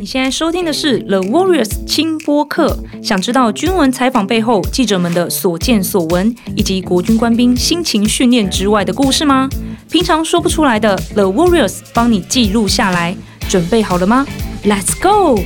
你現在收聽的是《The Warriors》輕播客。想知道軍聞採訪背後記者們的所見所聞，以及國軍官兵辛勤訓練之外的故事嗎？平常說不出來的，《The Warriors》幫你記錄下來。準備好了嗎？Let's go！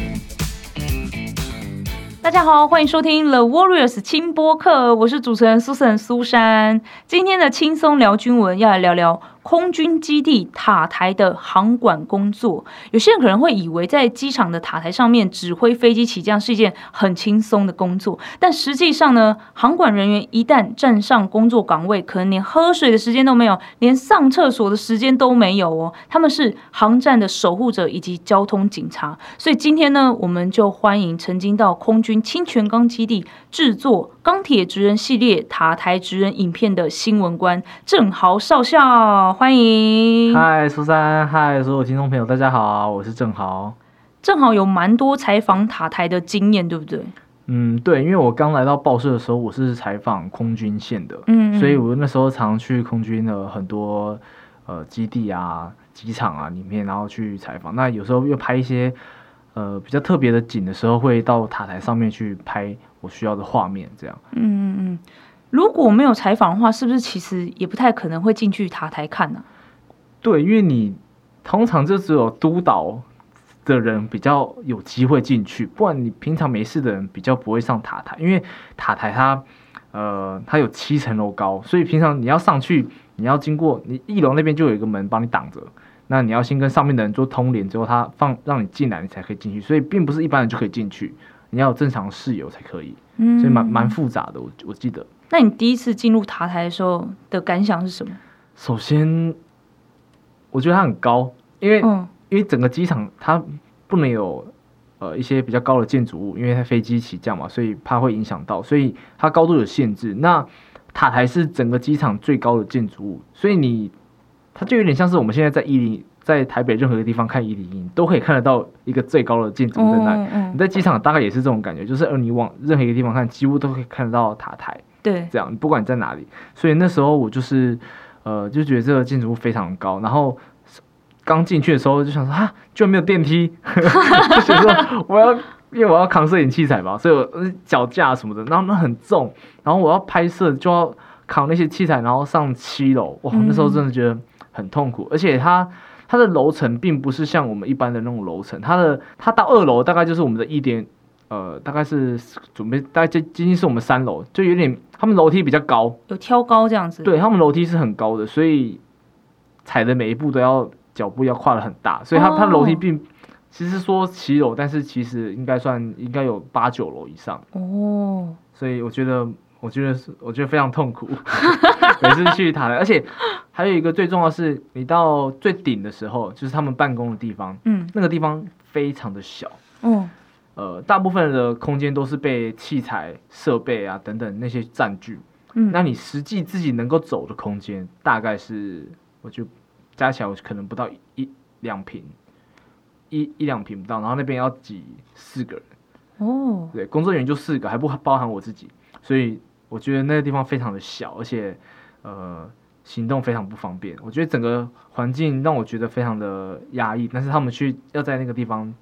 大家好，歡迎收聽《The Warriors》輕播客，我是主持人 Susan 蘇珊。今天的輕鬆聊軍聞，要來聊聊。空軍基地塔台的航管工作。有些人可能會以為在機場的塔台上面指揮飛機起降是一件很輕鬆的工作，但實際上呢，航管人員一旦站上工作崗位，可能連喝水的時間都沒有，連上廁所的時間都沒有哦。他們是航站的守護者以及交通警察，所以今天呢，我們就歡迎曾經到空軍清泉崗基地制作鋼鐵職人系列塔台職人影片的新聞官鄭豪少校，歡迎。嗨，蘇珊，嗨，所有聽眾朋友，大家好，我是鄭豪。鄭豪有蠻多採訪塔台的經驗，對不對？嗯，對，因為我剛來到報社的時候，我是採訪空軍線的，嗯，嗯，所以我那時候常去空軍的很多呃基地啊、機場啊裡面，然後去採訪。那有時候又拍一些呃比較特別的景的時候，會到塔台上面去拍。我需要的畫面，這樣。嗯嗯嗯，如果沒有採訪的話，是不是其實也不太可能會進去塔台看呢啊？對，因為你通常就只有督導的人比較有機會進去，不然你平常沒事的人比較不會上塔台，因為塔台它，呃，它有七層樓高，所以平常你要上去，你要經過你一樓那邊就有一個門幫你擋着。那你要先跟上面的人做通聯，之後他放讓你進來，你才可以進去。所以並不是一般人就可以進去，你要有正常的室友才可以。嗯，所以蠻蠻複雜的。我我記得。那你第一次進入塔台的時候的感想是什麼？首先，我覺得它很高，因為、哦、因為整個機場它不能有呃一些比較高的建築物，因為它飛機起降嘛，所以怕會影響到，所以它高度有限制。那塔台是整個機場最高的建築物，所以你。它就有點像是我們現在在101，在台北任何一個地方看101，都可以看得到一個最高的建築在那裡。里、嗯嗯。你在機場大概也是這種感覺，就是呃，你往任何一個地方看，幾乎都可以看得到塔台。對，這樣不管你在哪裡。所以那時候我就是，呃，就覺得這個建築物非常高。然後剛進去的時候就想說啊，居然沒有電梯， 就想說我要， 因為我要扛攝影器材嘛，所以我腳架什麼的，然後那很重，然後我要拍攝就要。扛那些器材，然後上七樓，哇！嗯、我那時候真的覺得很痛苦，而且它它的樓層並不是像我們一般的那種樓層，它的它到二樓大概就是我們的一點，呃，大概是準備大概這接近是我們三樓，就有點他們樓梯比較高，有挑高這樣子。對，他們樓梯是很高的，所以踩的每一步都要腳步要跨的很大，所以它、哦、它的樓梯並其實說七樓，但是其實應該算應該有八九樓以上哦，所以我覺得。我覺得是，我覺得非常痛苦。我 是去他的， 而且還有一個最重要的是，你到最頂的時候，就是他們辦公的地方。嗯、那個地方非常的小。哦、呃，大部分的空間都是被器材設備啊等等那些占據。嗯，那你實際自己能夠走的空間，大概是，我就加起來，我可能不到一兩坪，一兩一兩坪不到。然後那邊要擠四個人。哦，對，工作人員就四個，還不包含我自己，所以。我覺得那個地方非常的小，而且，呃，行動非常不方便。我覺得整個環境讓我覺得非常的壓抑，但是他們去要在那個地方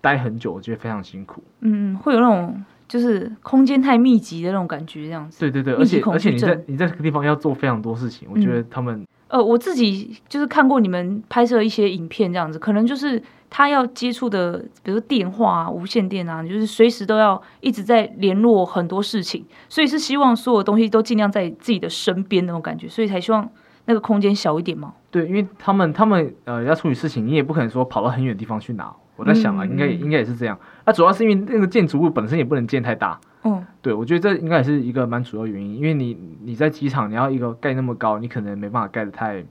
待很久，我覺得非常辛苦。嗯，會有那種就是空間太密集的那種感覺，這樣子。對對對，而且而且你在你在這個地方要做非常多事情，嗯，我覺得他們。呃，我自己就是看過你們拍攝一些影片這樣子，可能就是他要接觸的，比如說電話啊、無線電啊，就是隨時都要一直在聯絡很多事情，所以是希望所有東西都盡量在自己的身邊那種感覺，所以才希望那個空間小一點嘛。對，因為他們他們呃要處理事情，你也不可能說跑到很遠的地方去拿。我在想啊，嗯嗯應該應該也是這樣。那、啊、主要是因為那個建築物本身也不能建太大。嗯，對，我覺得這應該也是一個蠻主要原因，因為你你在機場，你要一個蓋那麼高，你可能沒辦法蓋得太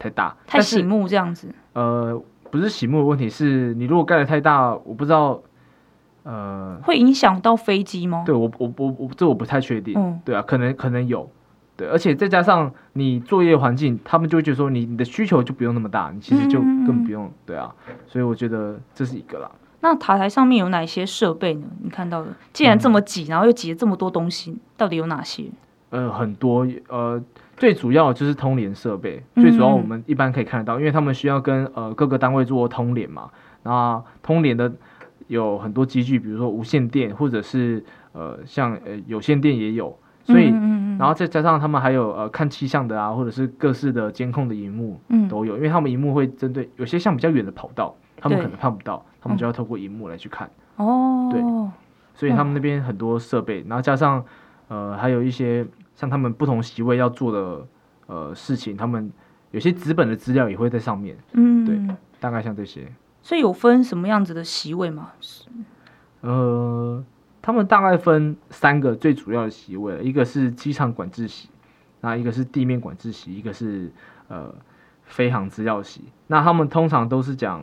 太大，太醒目這樣子。呃，不是醒目的問題，是你如果蓋得太大，我不知道呃，會影響到飛機嗎？對我我我我這我不太確定。嗯，對啊，可能可能有。對，而且再加上你作業環境，他們就會覺得說你你的需求就不用那麼大，你其實就更不用、嗯、對啊。所以我覺得這是一個啦。那塔台，台上面有哪些設備呢？你看到的既然這麼擠、嗯，然後又擠了這麼多東西，到底有哪些？呃，很多，呃，最主要就是通聯設備。最主要我們一般可以看得到，嗯、因為他們需要跟呃各個單位做通聯嘛。那通聯的有很多機具，比如說無線電，或者是呃像呃有線電也有。所以，然後再加上他們還有呃看氣象的啊，或者是各式的監控的熒幕，都有、嗯，因為他們熒幕會針對有些像比較遠的跑道，他們可能看不到，他們就要透過熒幕來去看。哦，對，所以他們那邊很多設備、嗯，然後加上呃還有一些像他們不同席位要做的呃事情，他們有些紙本的資料也會在上面。嗯，對，大概像這些。所以有分什麼樣子的席位嗎？是，呃。他們大概分三個最主要的席位，一個是機場管制席，那一個是地面管制席，一個是呃飛航資料席。那他們通常都是講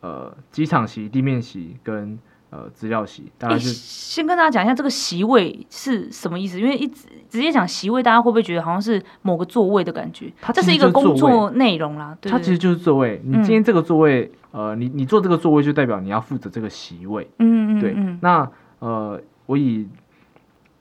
呃機場席、地面席跟呃資料席。大家就先跟大家講一下這個席位是什麼意思，因為一直直接講席位，大家會不會覺得好像是某個座位的感覺？它這是一個工作內容啦它，它其實就是座位。你今天這個座位，嗯、呃，你你坐這個座位就代表你要負責這個席位。嗯嗯，嗯，嗯，對，那。呃，我以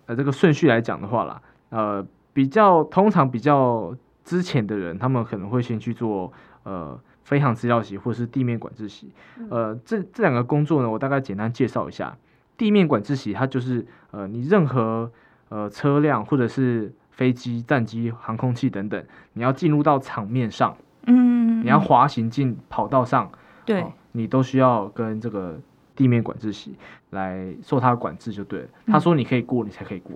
呃這個順序來講的話啦，呃，比較通常比較之前的人，他們可能會先去做呃飛航資料席或者是地面管制席。呃，這這兩個工作呢，我大概簡單介紹一下。地面管制席，它就是呃你任何呃車輛或者是飛機、戰機、航空器等等，你要進入到場面上，嗯，你要滑行進跑道上，對，呃，你都需要跟這個。地面管制席來受他的管制就對了。他說你可以過，你才可以過。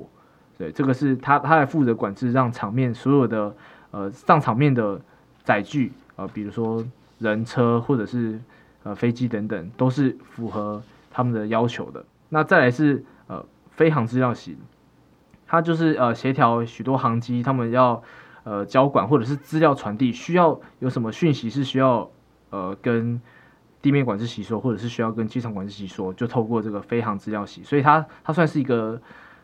對，這個是他，他來負責管制，讓場面所有的呃上場面的載具呃，比如說人車或者是呃飛機等等，都是符合他們的要求的。那再來是呃飛航資料席，他就是呃協調許多航機他們要呃交管或者是資料傳遞，需要有什麼訊息是需要呃跟。地面管制席說，或者是需要跟機場管制席說，就透過這個飛航資料席，所以它它算是一個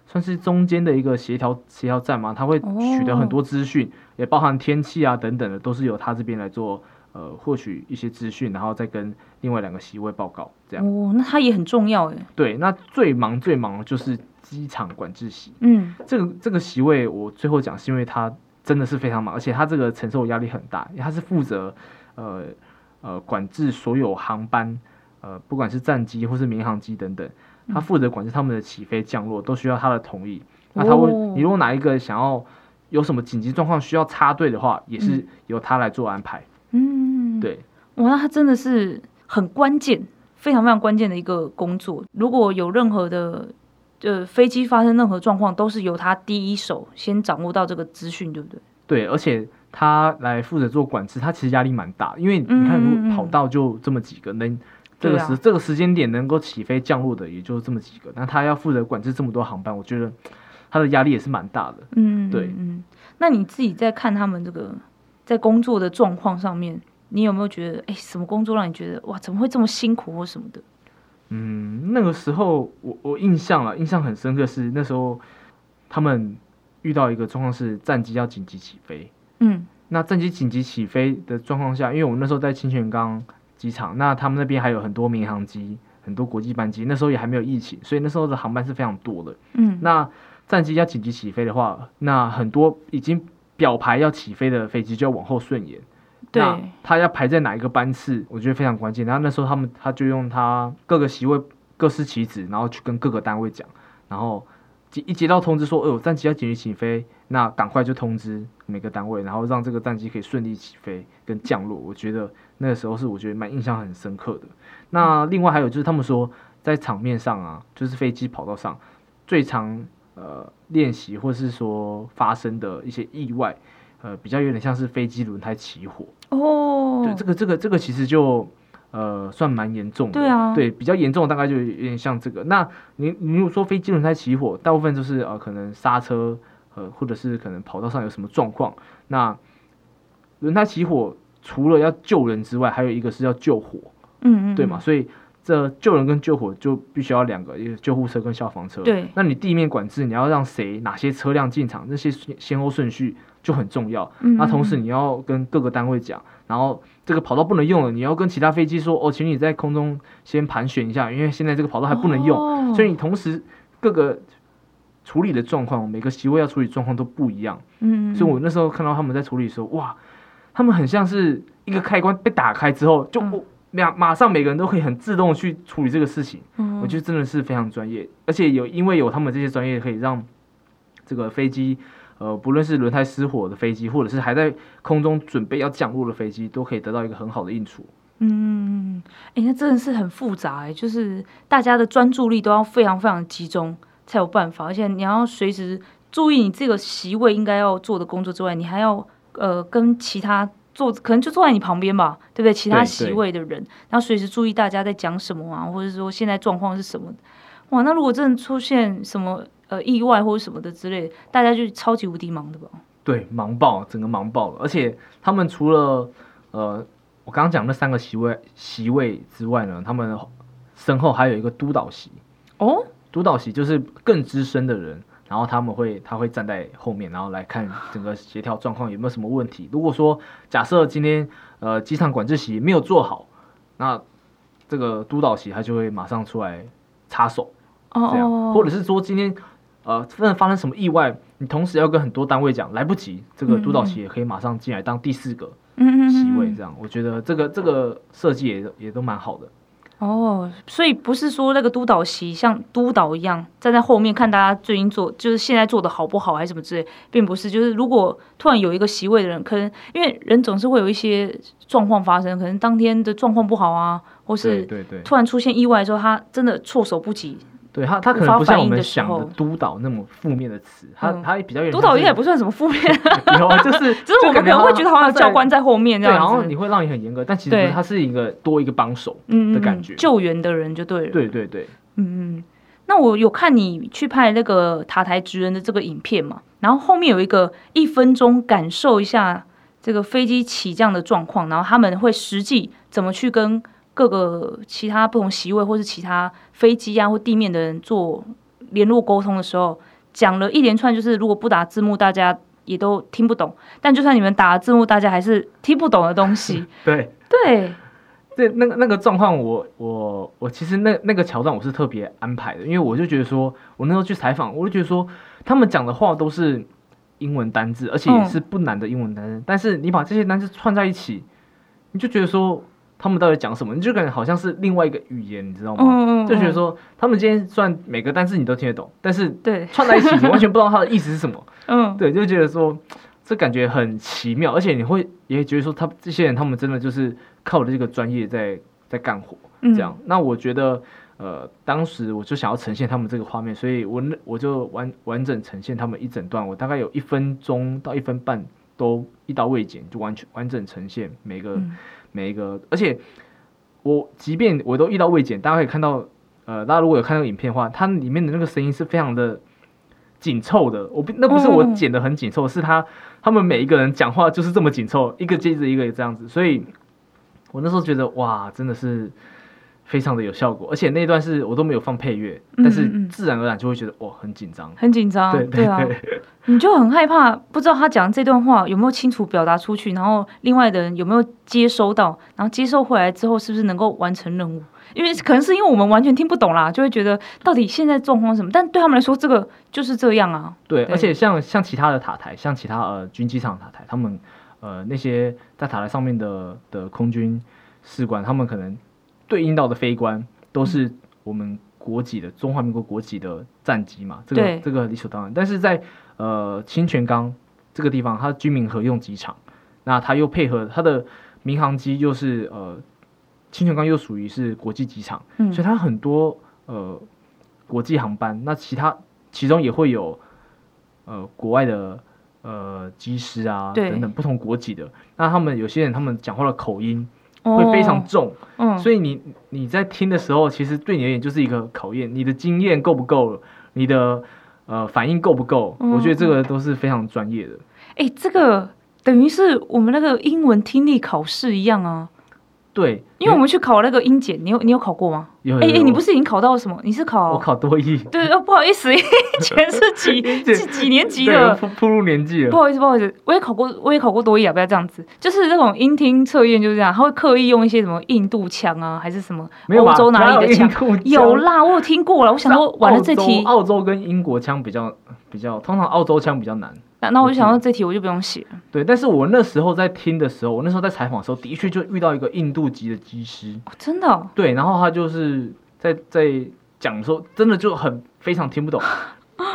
算是中間的一個協調協調站嘛，它會取得很多資訊、哦，也包含天氣啊等等的，都是由它這邊來做呃獲取一些資訊，然後再跟另外兩個席位報告這樣。哦，那它也很重要耶。對，那最忙最忙就是機場管制席。嗯，這個這個席位我最後講是因為它真的是非常忙，而且它這個承受壓力很大，因為它是負責、嗯、呃。呃，管制所有航班，呃，不管是戰機或是民航機等等，他負責管制他們的起飛降落，嗯、都需要他的同意。那他會、哦，你如果哪一個想要有什麼緊急狀況需要插隊的話，也是由他來做安排。嗯，對，哇、哦，那他真的是很關鍵，非常非常關鍵的一個工作。如果有任何的就飛機發生任何狀況，都是由他第一手先掌握到這個資訊，對不對？對，而且。他來負責做管制，他其實壓力蠻大，因為你看，如果跑道就這麼幾個，嗯、能這個時、啊、這個時間點能夠起飛降落的也就這麼幾個，那他要負責管制這麼多航班，我覺得他的壓力也是蠻大的。嗯，對，嗯，那你自己在看他們這個在工作的狀況上面，你有沒有覺得，哎、欸，什麼工作讓你覺得哇，怎麼會這麼辛苦或什麼的？嗯，那個時候我我印象了，印象很深刻是那時候他們遇到一個狀況是戰機要緊急起飛。嗯，那戰機緊急起飛的狀況下，因為我們那時候在清泉崗機場，那他們那邊還有很多民航機，很多國際班機，那時候也還沒有疫情，所以那時候的航班是非常多的。嗯，那戰機要緊急起飛的話，那很多已經表排要起飛的飛機就要往後順延。對，那他要排在哪一個班次，我覺得非常關鍵。然後那時候他們他就用他各個席位各司其職，然後去跟各個單位講，然後一接到通知說呃、欸、戰機要緊急起飛，那趕快就通知。每個單位，然後讓這個戰機可以順利起飛跟降落。我覺得那個時候是我覺得蠻印象很深刻的。那另外還有就是他們說在場面上啊，就是飛機跑道上最常呃練習或是說發生的一些意外，呃比較有點像是飛機輪胎起火哦。Oh. 對，這個這個這個其實就呃算蠻嚴重的。對啊。對，比較嚴重的大概就有點像這個。那你你如果說飛機輪胎起火，大部分就是呃可能剎車。呃，或者是可能跑道上有什麼狀況，那輪胎起火，除了要救人之外，還有一個是要救火，嗯嗯，對嘛？所以這救人跟救火就必須要兩個，一個救護車跟消防車。對，那你地面管制，你要讓誰哪些車輛進場，那些先後順序就很重要，嗯嗯。那同時你要跟各個單位講，然後這個跑道不能用了，你要跟其他飛機說，哦，請你在空中先盤旋一下，因為現在這個跑道還不能用，哦。所以你同時各個。處理的狀況，每個席位要處理狀況都不一樣。嗯、嗯，所以我那時候看到他們在處理的時候，哇，他們很像是一個開關被打開之後，就馬、嗯、馬上每個人都可以很自動去處理這個事情。嗯，我覺得真的是非常專業，而且有因為有他們這些專業，可以讓這個飛機，呃，不論是輪胎失火的飛機，或者是還在空中準備要降落的飛機，都可以得到一個很好的應處。嗯，誒、欸，那真的是很複雜誒、欸，就是大家的專注力都要非常非常集中。才有辦法，而且你要隨時注意你這個席位應該要做的工作之外，你還要呃跟其他坐可能就坐在你旁邊吧，對不對？其他席位的人，然後隨時注意大家在講什麼啊，或者說現在狀況是什麼？哇，那如果真的出現什麼呃意外或者什麼的之類的，大家就超級無敵忙的吧？對，忙爆，整個忙爆了。而且他們除了呃我剛剛講那三個席位席位之外呢，他們身後還有一個督導席哦。督導席就是更資深的人，然後他們會他會站在後面，然後來看整個協調狀況有沒有什麼問題。如果說假設今天呃機場管制席沒有做好，那這個督導席他就會馬上出來插手，喔。這樣或者是說今天呃真的發生什麼意外，你同時要跟很多單位講來不及，這個督導席也可以馬上進來當第四個席位，這樣，喔。我覺得這個這個設計也也都蠻好的。哦、oh，所以不是說那個督導席像督導一樣站在後面看大家最近做，就是現在做的好不好，還是什麼之類，並不是。就是如果突然有一個席位的人，可能因為人總是會有一些狀況發生，可能當天的狀況不好啊，或是突然出現意外的時候，他真的措手不及。對他，他可能不像我們想的督導那麼負面的詞，他、嗯、他比較遠，督導也不算什麼負面。有啊，就是只 是我們可能會覺得好像教官在後面這樣，對，然後你會讓你很嚴格，但其實是他是一個多一個幫手的感覺、嗯，救援的人就對了。對對對，嗯嗯。那我有看你去拍那個塔台職人的這個影片嘛？然後後面有一個一分鐘感受一下這個飛機起降的狀況，然後他們會實際怎麼去跟。各個其他不同席位，或是其他飛機啊或地面的人做聯絡溝通的時候，講了一連串，就是如果不打字幕，大家也都聽不懂。但就算你們打了字幕，大家還是聽不懂的東西。對對對，那個那個狀況我，我我我其實那那個橋段我是特別安排的，因為我就覺得說，我那時候去採訪，我就覺得說，他們講的話都是英文單字，而且也是不難的英文單字，嗯，但是你把這些單字串在一起，你就覺得說。他們到底講什麼？你就感覺好像是另外一個語言，你知道嗎？Oh, oh, oh, oh. 就覺得說他們今天雖然每個單詞你都聽得懂，但是對串在一起，你完全不知道它的意思是什麼。嗯、 oh.，對，就覺得說這感覺很奇妙，而且你會也會覺得說他這些人，他們真的就是靠的這個專業在在幹活，這樣、嗯。那我覺得，呃，當時我就想要呈現他們這個畫面，所以我我就完完整呈現他們一整段，我大概有一分鐘到一分半都一刀未剪，就完全完整呈現每個。嗯每一個，而且我即便我都遇到未剪，大家可以看到，呃，大家如果有看到影片的話，它裡面的那個聲音是非常的緊湊的。我不，那不是我剪的很緊湊，嗯，是他他們每一個人講話就是這麼緊湊，一個接着一個這樣子。所以我那時候覺得，哇，真的是。非常的有效果，而且那段是我都沒有放配樂，嗯嗯嗯，但是自然而然就會覺得，哇，很緊張，很緊張，對對，對對啊， 你就很害怕，不知道他講這段話有沒有清楚表達出去，然後另外的人有沒有接收到，然後接收回來之後是不是能夠完成任務？因為可能是因為我們完全聽不懂啦，就會覺得到底現在狀況什麼？但對他們來說，這個就是這樣啊。對，對，而且像像其他的塔台，像其他呃軍機場的塔台，他們呃那些在塔台上面的的空軍士官，他們可能。對應到的飛官都是我們國籍的中華民國國籍的戰機嘛，這個這個理所當然。但是在呃清泉崗這個地方，它軍民合用機場，那它又配合它的民航機、就是，又是呃清泉崗又屬於是國際機場，嗯、所以它很多呃國際航班，那其他其中也會有呃國外的呃機師啊等等不同國籍的，那他們有些人他們講話的口音。會非常重，哦、嗯，所以你你在聽的時候，其實對你而言就是一個考驗，你的經驗夠不夠，你的呃反應夠不夠、哦？我覺得這個都是非常專業的。哎、欸，這個等於是我們那個英文聽力考試一樣啊。對，因為我們去考那個英檢，你有你有考過嗎？有，哎、欸，你不是已經考到什麼？你是考、喔、我考多益？對不好意思，以 前是幾幾幾年級的？暴露年紀了。了不好意思，不好意思，我也考過，我也考過多益啊！不要這樣子，就是那種英聽測驗就是這樣，他會刻意用一些什麼印度腔啊，還是什麼？沒有歐洲哪裡的腔？有啦，我有聽過了，我想說，完了這題，澳洲,澳洲跟英國腔比較比較，通常澳洲腔比較難。那然後我就想到這題，我就不用寫。對，但是我那時候在聽的時候，我那時候在採訪的時候，的確就遇到一個印度籍的機師。哦，真的。對，然後他就是在在講的時候，真的就很非常聽不懂。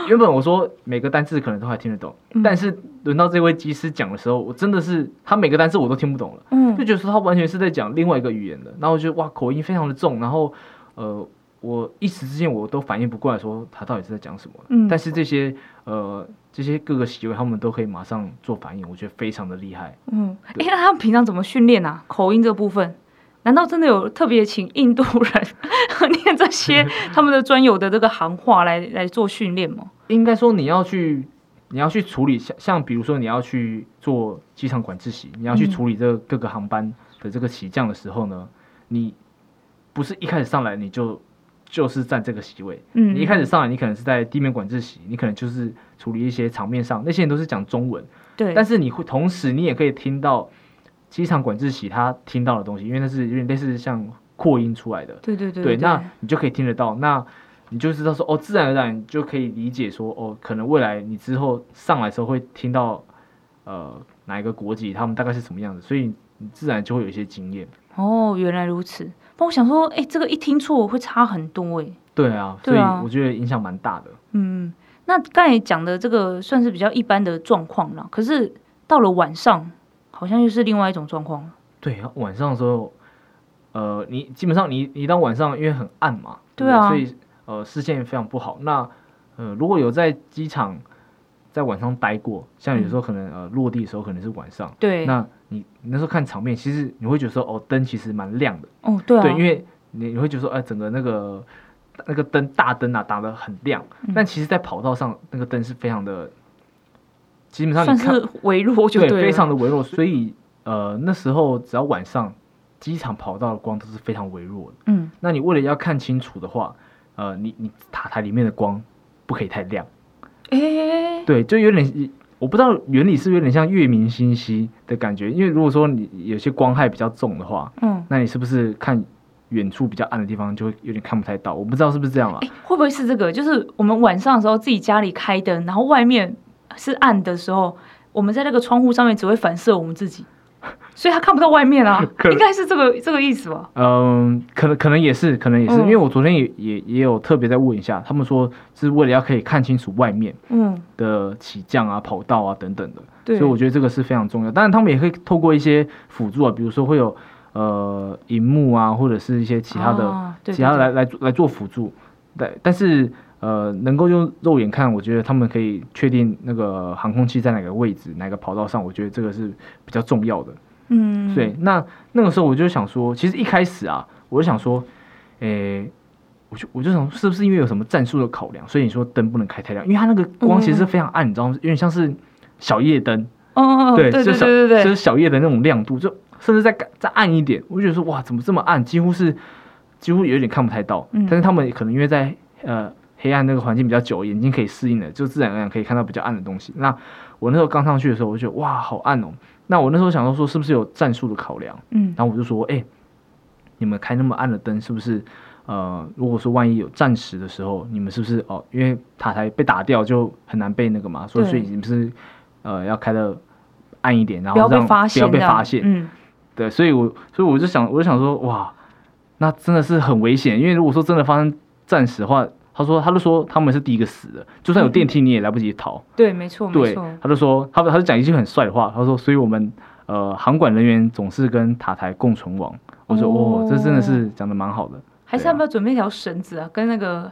原本我說每個單詞可能都還聽得懂，嗯、但是輪到這位機師講的時候，我真的是他每個單詞我都聽不懂了，嗯，就覺得說他完全是在講另外一個語言的。然後我覺得哇，口音非常的重，然後呃。我一時之間我都反應不過來，說他到底是在講什麼。嗯，但是這些呃，這些各個席位他們都可以馬上做反應，我覺得非常的厲害。嗯，誒、欸，那他們平常怎麼訓練呢？口音這部分，難道真的有特別請印度人 唸這些他們的專有的這個行話來 來做訓練嗎？應該說你要去，你要去處理像像比如說你要去做機場管制席，你要去處理這個各個航班的這個起降的時候呢，嗯、你不是一開始上來你就。就是佔這個席位。嗯，你一開始上來，你可能是在地面管制席，你可能就是處理一些場面上那些，人都是講中文。對。但是你會同時，你也可以聽到機場管制席他聽到的東西，因為那是有點類似像擴音出來的。對對對。對，對，那你就可以聽得到，那你就知道說哦，自然而然就可以理解說哦，可能未來你之後上來的時候會聽到呃哪一個國籍，他們大概是什麼樣子，所以你自然就會有一些經驗。哦，原來如此。我想說，哎、欸，這個一聽錯會差很多，欸，哎、啊，對啊，所以我覺得影響蠻大的。嗯，那剛才講的這個算是比較一般的狀況了，可是到了晚上，好像又是另外一種狀況。對啊，晚上的時候，呃，你基本上你你到晚上因為很暗嘛，對啊，對對，所以呃視線非常不好。那呃如果有在機場在晚上待過，嗯、像有時候可能呃落地的時候可能是晚上，對，那。你你那時候看場面，其實你會覺得說，哦，燈其實蠻亮的。哦，對、啊，對。因為你你會覺得說，哎、呃，整個那個那個燈大燈啊，打得很亮。嗯、但其實，在跑道上，那個燈是非常的，基本上你看微弱對。對。非常的微弱，所以呃，那時候只要晚上機場跑道的光都是非常微弱的嗯。那你為了要看清楚的話，呃，你你塔台裡面的光不可以太亮。欸、對，就有點。我不知道原理是不是有點像月明星稀的感覺，因為如果說你有些光害比較重的話，嗯，那你是不是看遠處比較暗的地方就會有點看不太到？我不知道是不是這樣啊？欸，會不會是這個？就是我們晚上的時候自己家裡開燈，然後外面是暗的時候，我們在那個窗戶上面只會反射我們自己。所以他看不到外面啊，應該是這個這個意思吧？嗯，可能可能也是，可能也是，嗯、因為我昨天也也也有特別在問一下，他們說是為了要可以看清楚外面嗯的起降啊、嗯、跑道啊等等的，所以我覺得這個是非常重要。當然，他們也可以透過一些輔助啊，比如說會有呃熒幕啊，或者是一些其他的、啊、對對對其他來來來做輔助。對，但是呃，能夠用肉眼看，我覺得他們可以確定那個航空器在哪個位置、哪個跑道上，我覺得這個是比較重要的。嗯，對，那那個時候我就想說，其實一開始啊，我就想說，誒、欸，我就我就想，是不是因為有什麼戰術的考量，所以你說燈不能開太亮？因為它那個光其實是非常暗，嗯、你知道嗎？有點像是小夜燈。哦，對，就小對對對，就是小夜燈那種亮度，就甚至再再暗一點，我就覺得說，哇，怎麼這麼暗？幾乎是幾乎有一點看不太到、嗯。但是他們可能因為在呃黑暗那個環境比較久，眼睛可以適應的，就自然而然可以看到比較暗的東西。那我那時候剛上去的時候，我就覺得哇，好暗哦、喔。那我那時候想到說，是不是有戰術的考量？嗯，然後我就說，哎、欸，你們開那麼暗的燈，是不是？呃，如果說萬一有戰時的時候，你們是不是哦？因為塔台被打掉就很難被那個嘛，所以你們是呃要開得暗一點，然後讓不要，不要被發現，嗯、對，所以我，我所以我就想，我就想說，哇，那真的是很危險，因為如果說真的發生戰時的話。他說，他就說他們是第一個死的，就算有電梯，你也來不及逃。嗯、對，沒錯，沒錯。他就說，他他就講一句很帥的話，他說，所以我們呃，航管人員總是跟塔台共存亡。哦、我說，哦，這真的是講得蠻好的。還是要不要準備一條繩子啊，啊，跟那個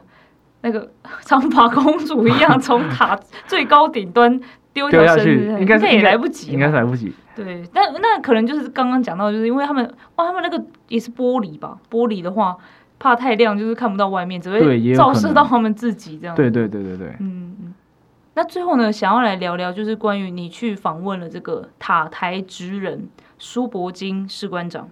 那個長髮公主一樣，從塔最高頂端丟一條繩子， 下去欸、應該也來不及，應該是來不及。對，但那，那可能就是剛剛講到，就是因為他們，哇，他們那個也是玻璃吧？玻璃的話。怕太亮，就是看不到外面，只會照射到他們自己這樣，對。對對對對對，嗯嗯。那最後呢，想要來聊聊，就是關於你去訪問了這個塔台職人蘇伯衿士官長，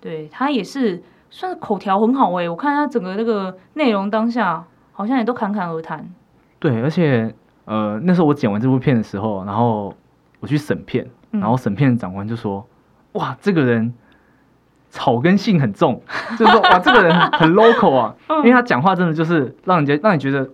對他也是算是口條很好哎、欸，我看他整個那個內容當下好像也都侃侃而談。對，而且呃，那時候我剪完這部片的時候，然後我去審片，然後審片的長官就說：“嗯、哇，這個人。”草根性很重，就是說哇， 這個人很 local 啊， 嗯、因為他講話真的就是讓人家讓你覺得，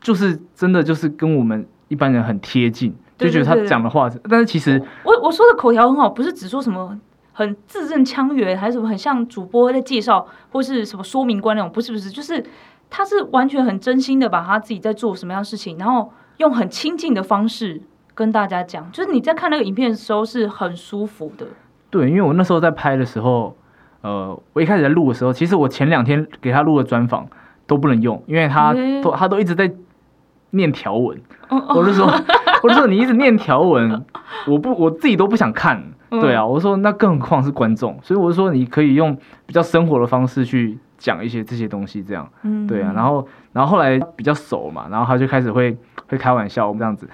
就是真的就是跟我們一般人很貼近，對對對對，就覺得他講的話，對對對對，但是其實我我說的口條很好，不是只說什麼很字正腔圓，還是什麼很像主播在介紹或是什麼說明官那種，不是不是，就是他是完全很真心的把他自己在做什麼樣的事情，然後用很親近的方式跟大家講，就是你在看那個影片的時候是很舒服的。對，因為我那時候在拍的時候，呃，我一開始在錄的時候，其實我前兩天給他錄的專訪，都不能用，因為他、嗯、都他都一直在念條文、嗯，我就說， 我就說你一直念條文，我不我自己都不想看，嗯、對啊，我說那更何況是觀眾，所以我就說你可以用比較生活的方式去講一些這些東西這樣，嗯、對啊，然後然後後來比較熟嘛，然後他就開始會會開玩笑我們這樣子，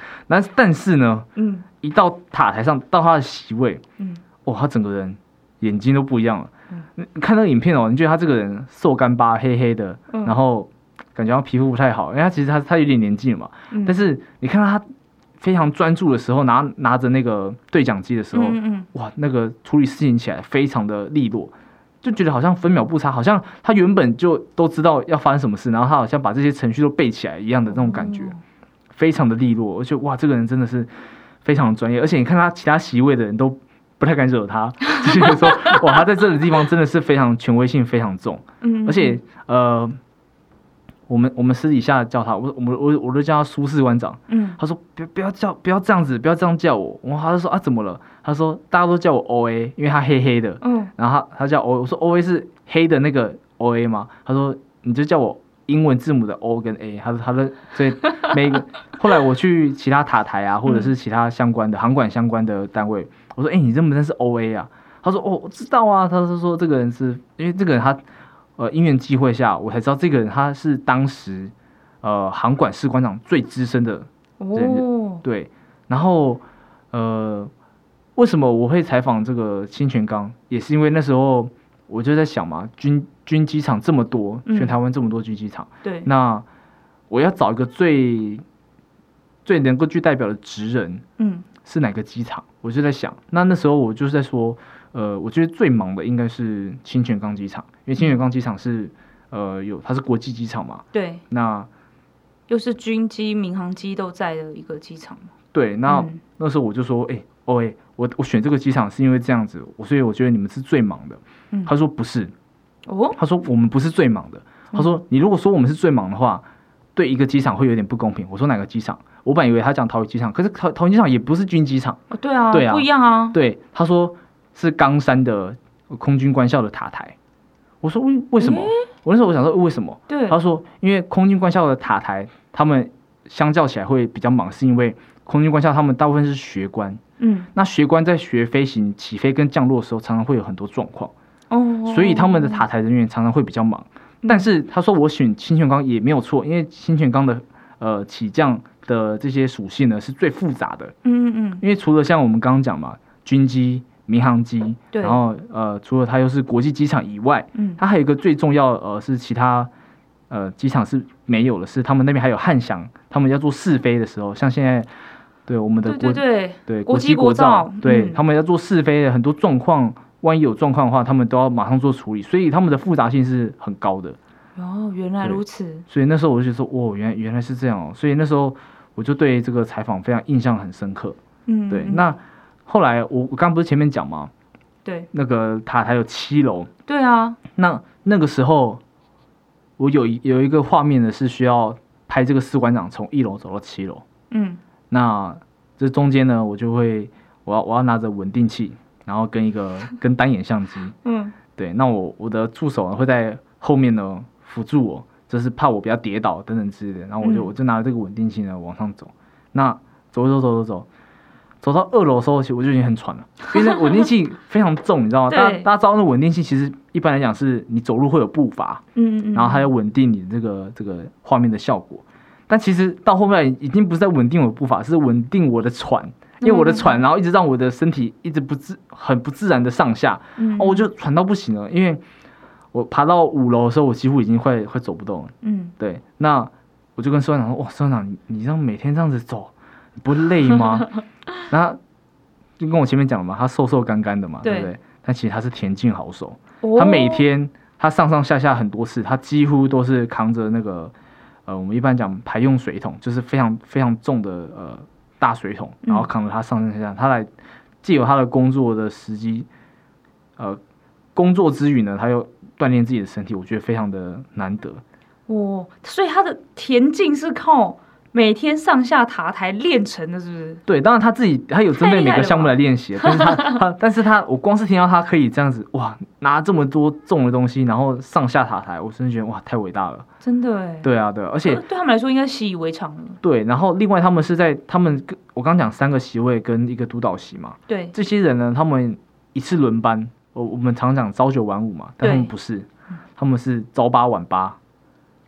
但是呢，嗯、一到塔台上到他的席位，嗯哇、喔，他整個人眼睛都不一樣了。你你看那個影片哦、喔，你覺得他這個人瘦幹巴、黑黑的、嗯，然後感覺他皮膚不太好，因為他其實他他有點年紀了嘛、嗯。但是你看他非常專注的時候，拿拿着那個對講機的時候嗯嗯嗯，哇，那個處理事情起來非常的利落，就覺得好像分秒不差，好像他原本就都知道要發生什麼事，然後他好像把這些程序都背起來一樣的那種感覺，嗯、非常的利落。而且哇，這個人真的是非常專業，而且你看他其他席位的人都。不太敢惹他，就是說， 哇，他在這個地方真的是非常權威性非常重， 而且呃，我們我們私底下叫他，我我們我我都叫他蘇士官長，嗯，他說不要不要叫不要這樣子，不要這樣叫我，我他就說啊怎麼了？他說大家都叫我 O A，因為他黑黑的，嗯，然後他他叫我，我說 O A 是黑的那個 O A 嘛，他說你就叫我。英文字母的 O 跟 A，他說他的最，他說，所以每個後來我去其他塔臺啊，或者是其他相關的航管相關的單位，嗯、我說，哎、欸，你認不認識 O A 啊？他說，哦，我知道啊。他是說，說，這個人是因為這個人他呃，因緣際會下，我才知道這個人他是當時呃航管士官長最資深的人，哦。對，然後呃，為什麼我會採訪這個清泉崗？也是因為那時候我就在想嘛，軍。軍機場這麼多，全台灣這麼多軍機場、嗯，對。那我要找一個最最能夠具代表的職人，嗯，是哪個機場？我就在想，那那時候我就是在說，呃，我覺得最忙的應該是清泉崗機場，因為清泉崗機場是、嗯，呃，有它是國際機場嘛，對。那又是軍機、民航機都在的一個機場對。那、嗯、那時候我就說，哎、欸、哦，誒、喔欸，我我選這個機場是因為這樣子，我所以我覺得你們是最忙的。嗯、他說不是。哦，他說我們不是最忙的。他說，你如果說我們是最忙的話，對一個機場會有點不公平。我說哪個機場？我本以為他講桃園機場，可是桃桃園機場也不是軍機場。哦、對啊，對啊，不一樣啊。對，他說是岡山的空軍官校的塔台。我說為為什麼、嗯？我那時候我想說為什麼？對，他說因為空軍官校的塔台，他們相較起來會比較忙，是因為空軍官校他們大部分是學官。嗯，那學官在學飛行、起飛跟降落的時候，常常會有很多狀況。哦、oh,，所以他們的塔台人員常常會比較忙，嗯、但是他說我選清泉崗也沒有錯，因為清泉崗的呃起降的這些屬性呢是最複雜的。嗯嗯，因為除了像我們剛剛講嘛，軍機、民航機，然後呃，除了它又是國際機場以外，嗯，它還有一個最重要呃是其他呃機場是沒有的，是他們那邊還有漢翔，他們要做試飛的時候，嗯、像現在對我們的國對對，對，對國際國造，嗯、對他們要做試飛的很多狀況。萬一有狀況的話，他們都要馬上做處理，所以他們的複雜性是很高的。哦，原來如此。所以那時候我就覺得說，哦，原來原來是這樣、哦。所以那時候我就對這個採訪非常印象很深刻。嗯，嗯，嗯，對。那後來我我剛不是前面講嗎？對。那個塔台有七樓。對啊。那那個時候我有有一個畫面呢，是需要拍這個士官長從一樓走到七樓。嗯。那這中間呢，我就會我要我要拿着穩定器。然後跟一個跟單眼相機，嗯，對，那我我的助手呢會在後面呢輔助我，就是怕我比較跌倒等等之類的。嗯、然後我就我就拿這個穩定器呢往上走，那走走走走走，走到二樓的時候，其實我就已經很喘了，因為穩定器非常重， 你知道嗎？對。大家大家知道那穩定器其實一般來講是你走路會有步伐，嗯,嗯，然後還有穩定你這個這個畫面的效果。但其實到後面已經不是在穩定我的步伐，是穩定我的喘。因為我的喘，然後一直讓我的身體一直不自很不自然的上下，嗯，哦，我就喘到不行了。因為我爬到五樓的時候，我幾乎已經快快走不動了。嗯，對。那我就跟蘇士官長說：“哇，蘇士官長，你這樣每天這樣子走，不累嗎？”然後 就跟我前面講了嘛，他瘦瘦乾乾的嘛對，對不對？但其實他是田徑好手，哦，他每天他上上下下很多次，他幾乎都是扛着那個呃，我們一般講排用水桶，就是非常非常重的呃。大水桶，然後扛着他上上下下，他、嗯、來藉由他的工作的時機，呃，工作之餘呢，他又鍛鍊自己的身體，我覺得非常的難得。哦，所以他的田徑是靠。每天上下塔台練成的，是不是？對，當然他自己他有針對每個項目來練習， 但是他，他，但是他，我光是聽到他可以這樣子，哇，拿這麼多重的東西，然後上下塔台，我真的覺得哇，太偉大了。真的哎。對啊，對，而且對他們來說應該習以為常。對，然後另外他們是在他們我剛講三個席位跟一個督導席嘛。對。這些人呢，他們一次輪班，我我們常常講朝九晚五嘛，但他們不是，他們是朝八晚八。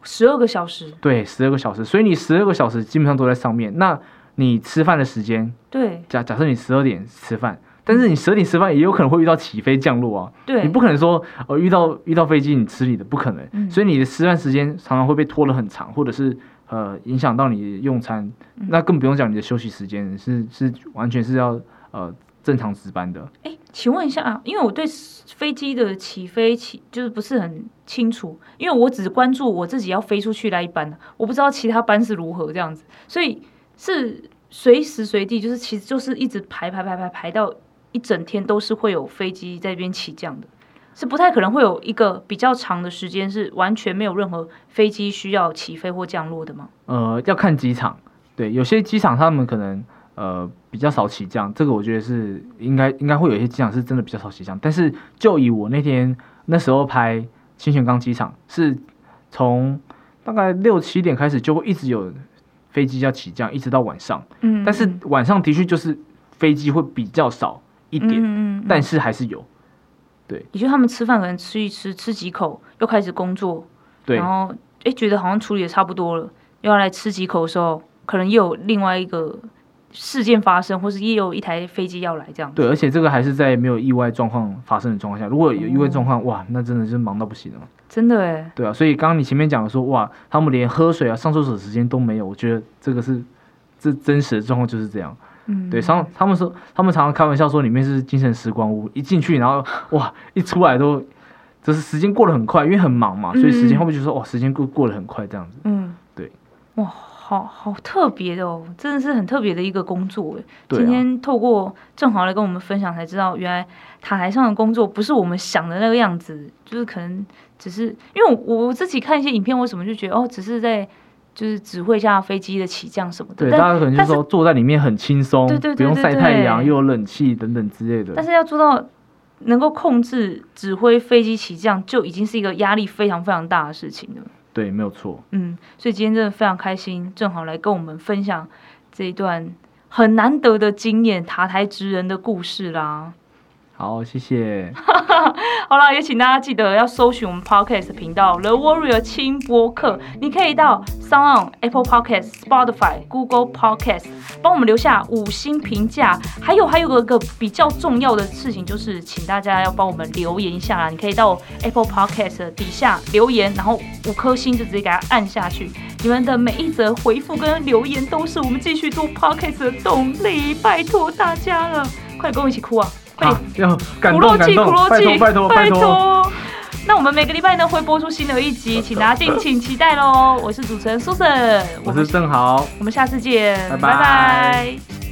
十二個小時，對，十二個小時，所以你十二個小時基本上都在上面。那你吃飯的時間，對，假假設你十二點吃飯，但是你十二點吃飯也有可能會遇到起飛降落啊，對，你不可能說呃遇到遇到飛機你吃你的，不可能，所以你的吃飯時間常常會被拖得很長，或者是呃影響到你用餐，那更不用講你的休息時間是是完全是要呃。正常值班的。哎，請問一下啊，因為我對飛機的起飛起就是不是很清楚，因為我只關注我自己要飛出去那一班，我不知道其他班是如何這樣子，所以是隨時隨地就是其實就是一直排排排排排到一整天都是會有飛機在那邊起降的，是不太可能會有一個比較長的時間是完全沒有任何飛機需要起飛或降落的嗎？呃，要看機場，對，有些機場他們可能。呃，比較少起降，這個我覺得是應該應該會有一些機場是真的比較少起降，但是就以我那天那時候拍清泉崗機場，是從大概六七點開始就會一直有飛機要起降，一直到晚上。嗯，嗯。但是晚上的確就是飛機會比較少一點，嗯，嗯，嗯，嗯，但是還是有，對。也就他們吃飯可能吃一吃，吃幾口又開始工作，對。然後哎、欸，覺得好像處理的差不多了，又要來吃幾口的時候，可能又有另外一個。事件發生，或是也有一台飛機要來這樣對，而且這個還是在沒有意外狀況發生的狀況下。如果有意外狀況、哦，哇，那真的是忙到不行了。真的哎。對啊，所以剛剛你前面講的說，哇，他們連喝水啊、上廁所的時間都沒有。我覺得這個是這真實的狀況就是這樣。嗯。對，他們說，他們常常開玩笑說裡面是精神時光屋，一進去然後哇，一出來都，就是時間過得很快，因為很忙嘛，所以時間後面就說嗯嗯哇，時間過過得很快這樣子。嗯。對。哇。好好特別的哦，真的是很特別的一個工作啊。今天透過鄭豪來跟我們分享，才知道原來塔台上的工作不是我們想的那個樣子，就是可能只是因為我，我自己看一些影片，我什麼就覺得哦，只是在就是指揮一下飛機的起降什麼的。對，但大家可能就是說是坐在裡面很輕鬆，對對，對，對，對對，不用曬太陽，又有冷氣等等之類的。但是要做到能夠控制指揮飛機起降，就已經是一個壓力非常非常大的事情了。對，沒有錯。嗯，所以今天真的非常開心，正好來跟我們分享這一段很難得的經驗，塔台職人的故事啦。好，謝謝。 好啦，也請大家記得要搜尋我們 Podcast 頻道 The Warrior 青播客。你可以到 SoundOn、Apple Podcast、Spotify、Google Podcast 幫我們留下五星評價。還有，還有一個，一個比較重要的事情，就是請大家要幫我們留言一下啦。你可以到 Apple Podcast 的底下留言，然後五顆星就直接給它按下去。你們的每一則回覆跟留言都是我們繼續做 Podcast 的動力，拜托大家了，快跟我一起哭啊！要感動，感動，拜托，拜托，拜托。那我們每個禮拜呢，會播出新的一集， 請大家敬請期待嘍。我是主持人 Susan，我是鄭豪，我們下次見，拜拜。拜拜。